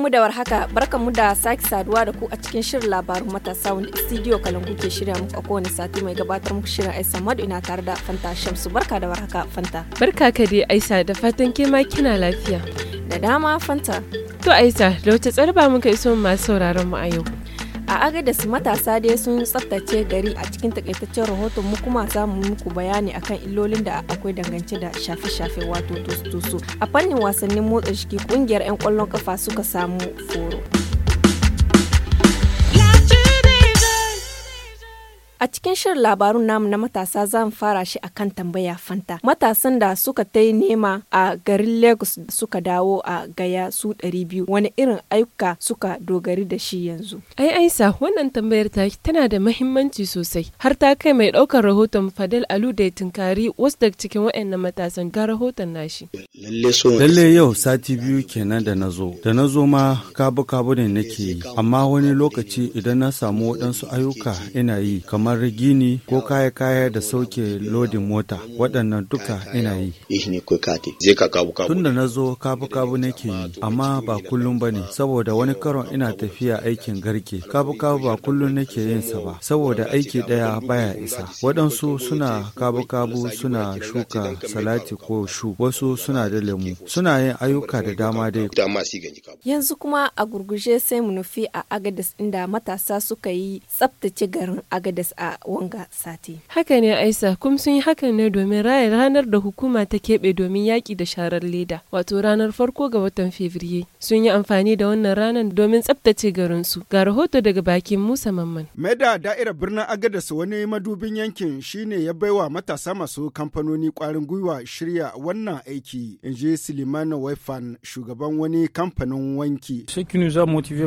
mu da warhaka, mu da sake saduwa da ku a cikin shirin labarun matasa wanda studio Kalangu ke shirya muku a kowane sati mai gabatar muku shirin aisa Madu ina tare da Fanta Shamsu. Barka da warhaka Fanta. Barka ka dai aisa da fatan ke ma kina lafiya. Da dama Fanta. To aisa da wace tsarba muka iso masu sauraron mu a yau. a agadas matasa dai sun tsaftace gari a cikin takaitaccen rahoton mu kuma za mu muku bayani akan illolin da akwai dangance da shafe-shafe wato tusu a fannin wasannin motsa jiki kungiyar 'yan kwallon kafa suka samu foro. A cikin shirin labarun namu na matasa zan fara shi akan tambaya fanta. Matasan da suka ta yi nema a garin Lagos suka dawo a gaya su 200 wani irin ayyuka suka dogari da shi yanzu. Ai Aisa wannan tambayar ta tana da mahimmanci sosai har ta kai mai ɗaukar rahoton Fadel Alu da ya tunkari wasu daga cikin waɗannan matasan ga rahoton nashi. Lalle yau sati biyu kenan da nazo, Da na zo ma kabu-kabu ne nake yi, amma wani lokaci idan na samu waɗansu ayyuka ina yi kamar gini ko kaya-kaya da sauke lodin mota waɗannan duka ina yi. Tun da na zo kabu-kabu nake yi, amma ba kullum ba ne, saboda wani karon ina tafiya aikin garke. Kabu-kabu ba kullum nake yin sa ba, saboda aiki ɗaya baya isa. Waɗansu suna kabu-kabu suna shuka salati ko shu, wasu suna da mu suna yin ayyuka da dama dai. Yanzu kuma a gurguje sai mu nufi a Agadas inda matasa suka yi tsaftace garin Agadas a wanga sati. Haka ne Aisa kuma sun yi hakan ne domin raya ranar da hukuma ta keɓe domin yaƙi da sharar leda wato ranar farko ga watan Fevriye. Sun yi amfani da wannan ranar domin tsaftace su Ga rahoto daga bakin Musa Mamman. meda da'irar birnin Agadas wani madubin yankin shine ya baiwa matasa masu kamfanoni kwarin gwiwa shirya wannan aiki in ji Suleiman Waifan shugaban wani kamfanin wanki.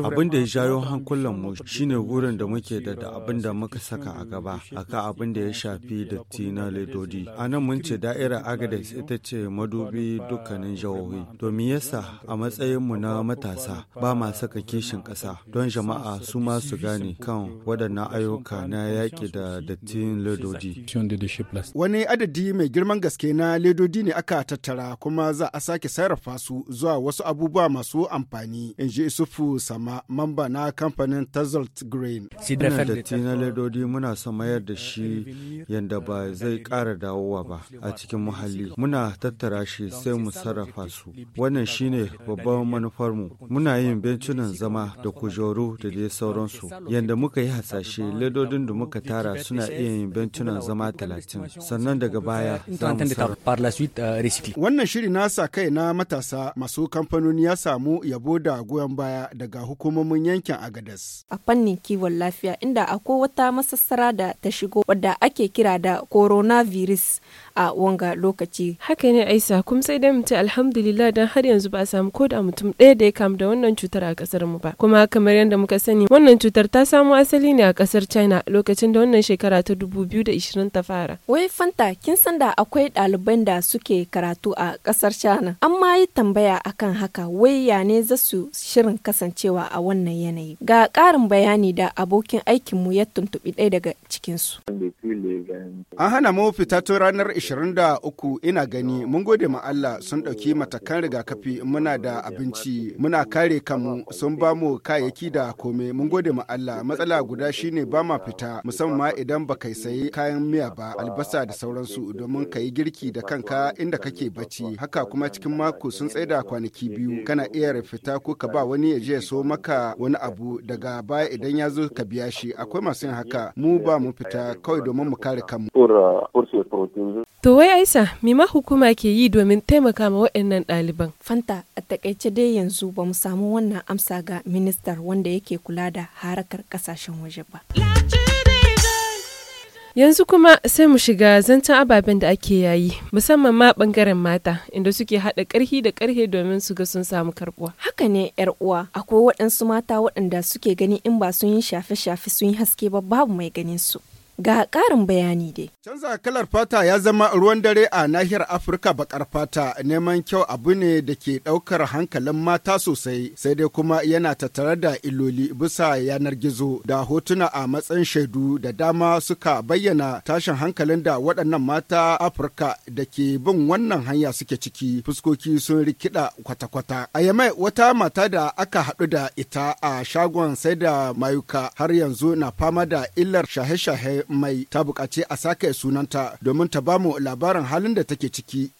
Abin da ya jayo hankulan mu shine wurin da muke da da euh, abin da muka saka a gaba aka abin da ya shafi datti na ledodi. A nan mun ce da'irar Agadez ita ce madubi dukkanin jihohi. Domin yasa a matsayin mu na matasa ba ma saka kishin ƙasa don jama'a su ma su gane kan euh, waɗannan ayyuka na yaƙi da dattin ledodi. Wani adadi mai girman gaske na ledodi ne aka tattara kuma kuma za a sake sarrafa su zuwa wasu abubuwa masu amfani in ji isufu sama mamba na kamfanin tazalt green muna da tina ledodi muna son mayar da shi yadda ba zai kara dawowa ba a cikin muhalli muna tattara shi sai mu sarrafa su wannan shine babban manufarmu muna yin bencunan zama da kujeru da dai sauransu yadda muka yi hasashe ledodin da muka tara suna iya yin bencunan zama talatin sannan daga baya za mu sarrafa euh, wannan shiri na sa kai na matasa masu kamfanoni ya samu yabo da goyon baya daga hukumomin yankin Agadas. A fannin kiwon lafiya inda akwai wata masassara da ta shigo wadda ake kira da coronavirus a wanga lokaci. Haka ne Aisa kuma sai dai mutum alhamdulillah don har yanzu ba a samu ko da mutum ɗaya da ya kamu da wannan cutar a kasar mu ba. Kuma kamar yadda muka sani wannan cutar ta samu asali ne a kasar China lokacin da wannan shekara ta 2020 ta fara. Wai Fanta kin san da akwai ɗaliban da suke karatu a kasar China. An ma yi tambaya akan haka wai ya ne za su shirin kasancewa a wannan yanayi. Ga ƙarin bayani da abokin aikinmu ya tuntubi ɗaya daga cikinsu. An hana mu fita tun ranar 23 ina gani mun gode ma Allah sun ɗauki matakan rigakafi muna da abinci muna kare kanmu sun ba mu kayayyaki da kome mun gode ma Allah matsala guda shine ba ma fita musamman idan ba kai sayi kayan miya ba albasa da sauransu domin ka yi girki da kanka inda kake bacci haka kuma cikin mako sun tsaida kwanaki biyu kana iya fita ko ka ba wani ya je so maka wani abu daga baya idan ya zo ka biya shi akwai masu yin haka mu ba mu fita kawai domin mu kare kanmu. To wai Aisa, me ma hukuma ke yi domin taimaka ma waɗannan ɗaliban? Fanta, a takaice dai yanzu ba mu samu wannan amsa ga ministar wanda yake kula da harakar ƙasashen waje ba. Yanzu kuma sai mu shiga zancen ababen da ake yayi musamman ma bangaren mata inda suke haɗa ƙarfi da karhe domin su ga sun samu karbuwa. Haka ne yar uwa akwai waɗansu mata waɗanda suke gani in ba sun yi shafe-shafe sun yi haske ba babu mai ganin su. Ga ƙarin bayani dai. Canza kalar fata ya zama ruwan dare a nahiyar Afirka bakar fata neman kyau abu ne da ke ɗaukar hankalin mata sosai sai dai kuma yana tattare da iloli bisa yanar gizo da hotuna a matsayin shaidu da dama suka bayyana tashin hankalin da waɗannan mata Afirka da ke bin wannan hanya suke ciki fuskoki sun rikida kwata-kwata. A yamai wata mata da aka haɗu da ita a shagon sai da mayuka har yanzu na fama da illar shahe-shahe mai ta buƙaci a sake sunanta domin ta bamu labarin halin da take ciki.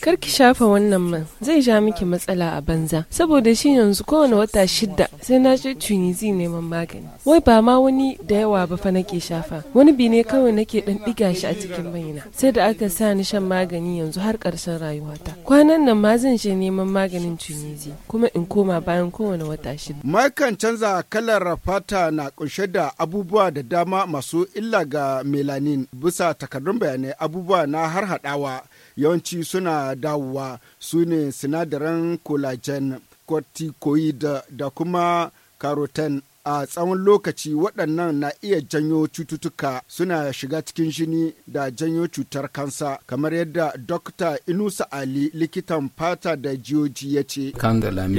Kar ki shafa wannan man zai ja miki matsala a banza saboda shi yanzu kowane wata shida sai na je Tunisi neman magani. Wai ba ma wani da yawa ba fa nake shafa wani bi ne kawai nake dan diga shi a cikin bayina sai da aka sa ni shan magani yanzu har karshen rayuwata. Kwanan nan ma zan je neman maganin Tunisi kuma in koma bayan kowane wata shida. Makan canza kalar fata na kunshe da abubuwa da dama masu illa ga melanin bisa takardun bayanai abubuwa na har hadawa yawanci suna dawowa su ne sinadaran collagen corticoid da kuma carotene a tsawon lokaci waɗannan na iya janyo cututtuka suna shiga cikin jini da janyo cutar kansa kamar yadda dokta inusa ali likitan fata da jiyoji ya ce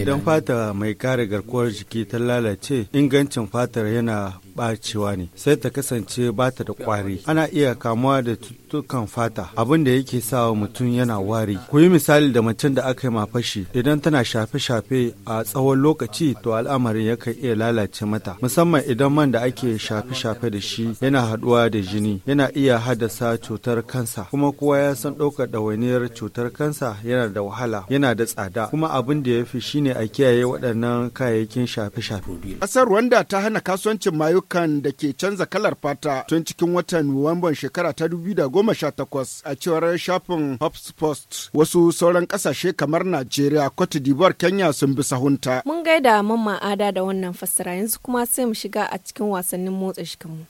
idan fata mai kare garkuwar jiki ta lalace ingancin fatar yana gurɓacewa ne sai ta kasance ba ta da kwari ana iya kamuwa da cututtukan fata abin da yake sa mutum yana wari ku yi misali da macen da aka yi mafashi idan tana shafe-shafe a tsawon lokaci to al'amarin yakan iya lalace mata musamman idan man da ake shafe-shafe da shi yana haɗuwa da jini yana iya haddasa cutar kansa kuma kowa ya san ɗaukar ɗawainiyar cutar kansa yana da wahala yana da tsada kuma abin da ya fi shine a kiyaye waɗannan kayayyakin shafe-shafe. Ƙasar Rwanda ta hana kasuwancin mayuka cututtukan da ke canza kalar fata tun cikin watan Nuwamban shekara ta 2018 a cewar shafin HubSpot. Wasu sauran kasashe kamar Najeriya, Cote d'Ivoire, Kenya sun bi sahunta. Mun gaida mamman ada da wannan fassara yanzu kuma sai mu shiga a cikin wasannin motsa shikinmu.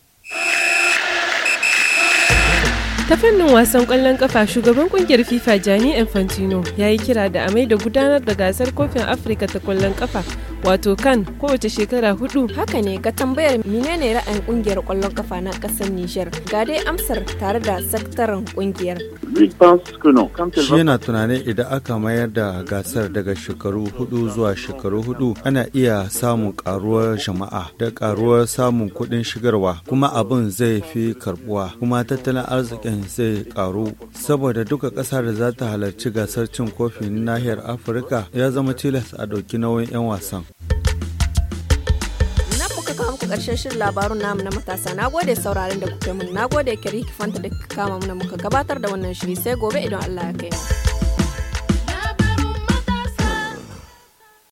ta fannin wasan kwallon kafa shugaban kungiyar fifa jani infantino ya yi kira da amai da gudanar da gasar kofin afirka ta kwallon kafa wato kan kowace shekara hudu haka ne ga tambayar menene ra'ayin kungiyar kwallon kafa na kasar Nijar ga dai amsar tare da sakataren kungiyar shi yana tunanin idan aka mayar da gasar daga shekaru hudu zuwa shekaru hudu ana iya samun karuwar jama'a da karuwar samun kuɗin shigarwa kuma abin zai fi karbuwa kuma tattalin arzikin zai karu saboda duka ƙasar da za ta halarci gasar cin kofi na nahiyar afirka ya zama tilas a ɗauki nauyin 'yan wasan Karshen shirin labarun namu na matasa na gode sauraron da kuke mun na gode kirki fanta da kama muna muka gabatar da wannan shiri sai gobe idan Allah ya kai